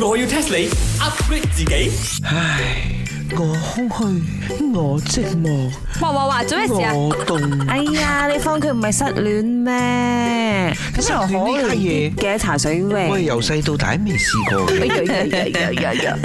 我要 test 你，upgrade 自己。唉，我空虛，我寂寞。話話話做咩事啊？我，的哎呀，你放佢唔係失戀咩？咁真係好呢家嘢嘅茶水位。我由細到大未試過我。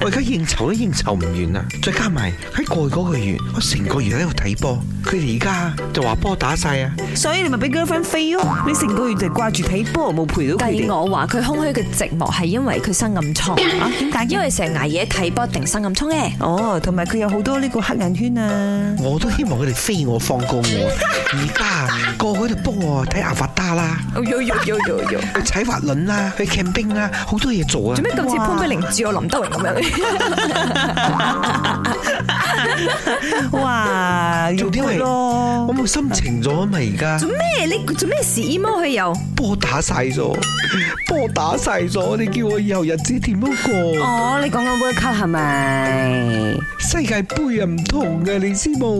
我而家應酬都應酬唔完啊。再加埋喺過去嗰個月，我成個月喺度睇波，佢哋而家就話波打晒啊。所以你咪俾 girlfriend 飛咯，你成個月就掛住睇波，冇陪到佢。我話佢空虛嘅寂寞係因為佢生暗瘡啊？點解？因為成日捱夜睇波定生暗瘡咧？哦，同埋佢有好多呢個黑眼圈啊。都希望佢哋非我放過我，而家個個都幫我睇阿法打啦。哦呦呦呦呦去踩滑輪啦，去 c a 啦，好多嘢做啊！做咩咁似潘碧玲住我林德榮咁樣哇！做啲咩咯？我咪心情咗啊嘛！而家做咩？你做咩屎貓去游？波打晒咗，波打晒咗！你叫我以後日子點樣過？哦，你講緊 w o r 係咪？世界杯啊，唔同嘅，你知冇？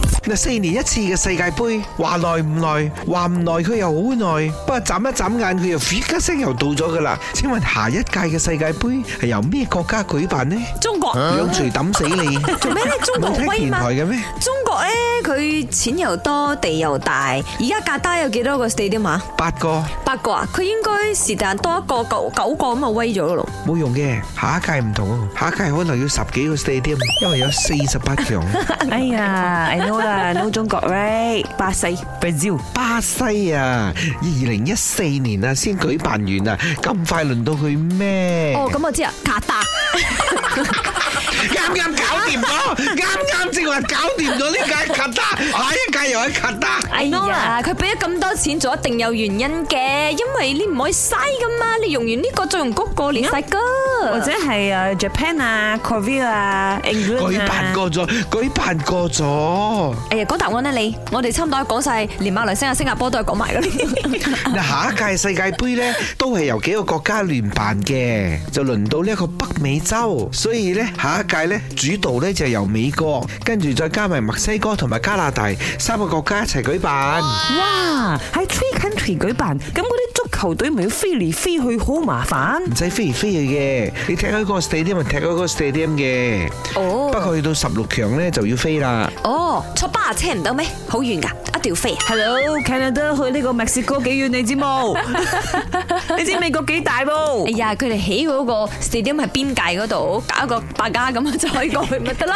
四年一次嘅世界杯，話耐唔耐，話唔耐佢又好耐，不過眨一眨眼，佢又一聲又到咗噶啦。請問下一屆嘅世界杯係由咩國家舉辦呢？中國，兩錘抌死你，咩咧？中國杯嘛？唔係台嘅咩？中國咧佢錢又多地又大，而家卡達有幾多個地點嘛？八個，八個啊？佢應該是但多一個九九個咁啊威咗咯。冇用嘅，下一屆唔同啊，下一屆可能要十幾個地點，因為有四十八強。哎呀，I know 啦，Know 中國隊，巴西 Brazil，巴西啊，二零一四年啊先舉辦完啊，咁快輪到去咩？咁我知啊，卡達，啱啱搞掂咗，啱啱正話搞掂咗呢。卡達，下一屆又係卡達。哎呀，佢俾咗咁多錢，做一定有原因嘅，因為你唔可以嘥噶嘛，你用完呢個再用嗰個，連晒噶。或者係啊 Japan 啊，Korea 啊，England 啊。舉辦過咗，舉辦過咗。哎呀，講答案我咧你，我哋差唔多講晒，連馬來西亞、新加坡都係講埋噶啦。嗱，下一屆世界杯咧，都係由幾個國家聯辦嘅，就輪到呢一個北美洲，所以咧下一屆咧主導咧就係由美國，跟住再加埋墨西哥。西哥同埋加拿大三個國家一齊舉辦，哇！喺 Three Country 舉辦，咁嗰啲足球隊咪要飛嚟飛去好麻煩？唔使飛嚟飛去嘅，你踢開個 Stadium 咪踢開個 Stadium 嘅。哦，不過去到十六強咧就要飛啦。哦，坐巴士唔得咩？好遠噶。一條飛，Hello Canada，去呢個墨西哥幾遠？你知冇？ 你知美國幾大噃？哎呀，佢哋起嗰個地點係邊界嗰度，搞一個百家咁就可以過去，咪得啦？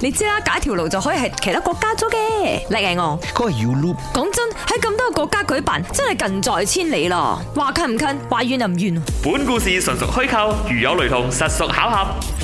你知啦，搞一條路就可以係其他國家咗嘅，叻啊我！講 your 真，喺咁多個國家舉辦，真係近在千里咯。話近唔近，話遠又唔遠。本故事純屬虛構，如有雷同，實屬巧合。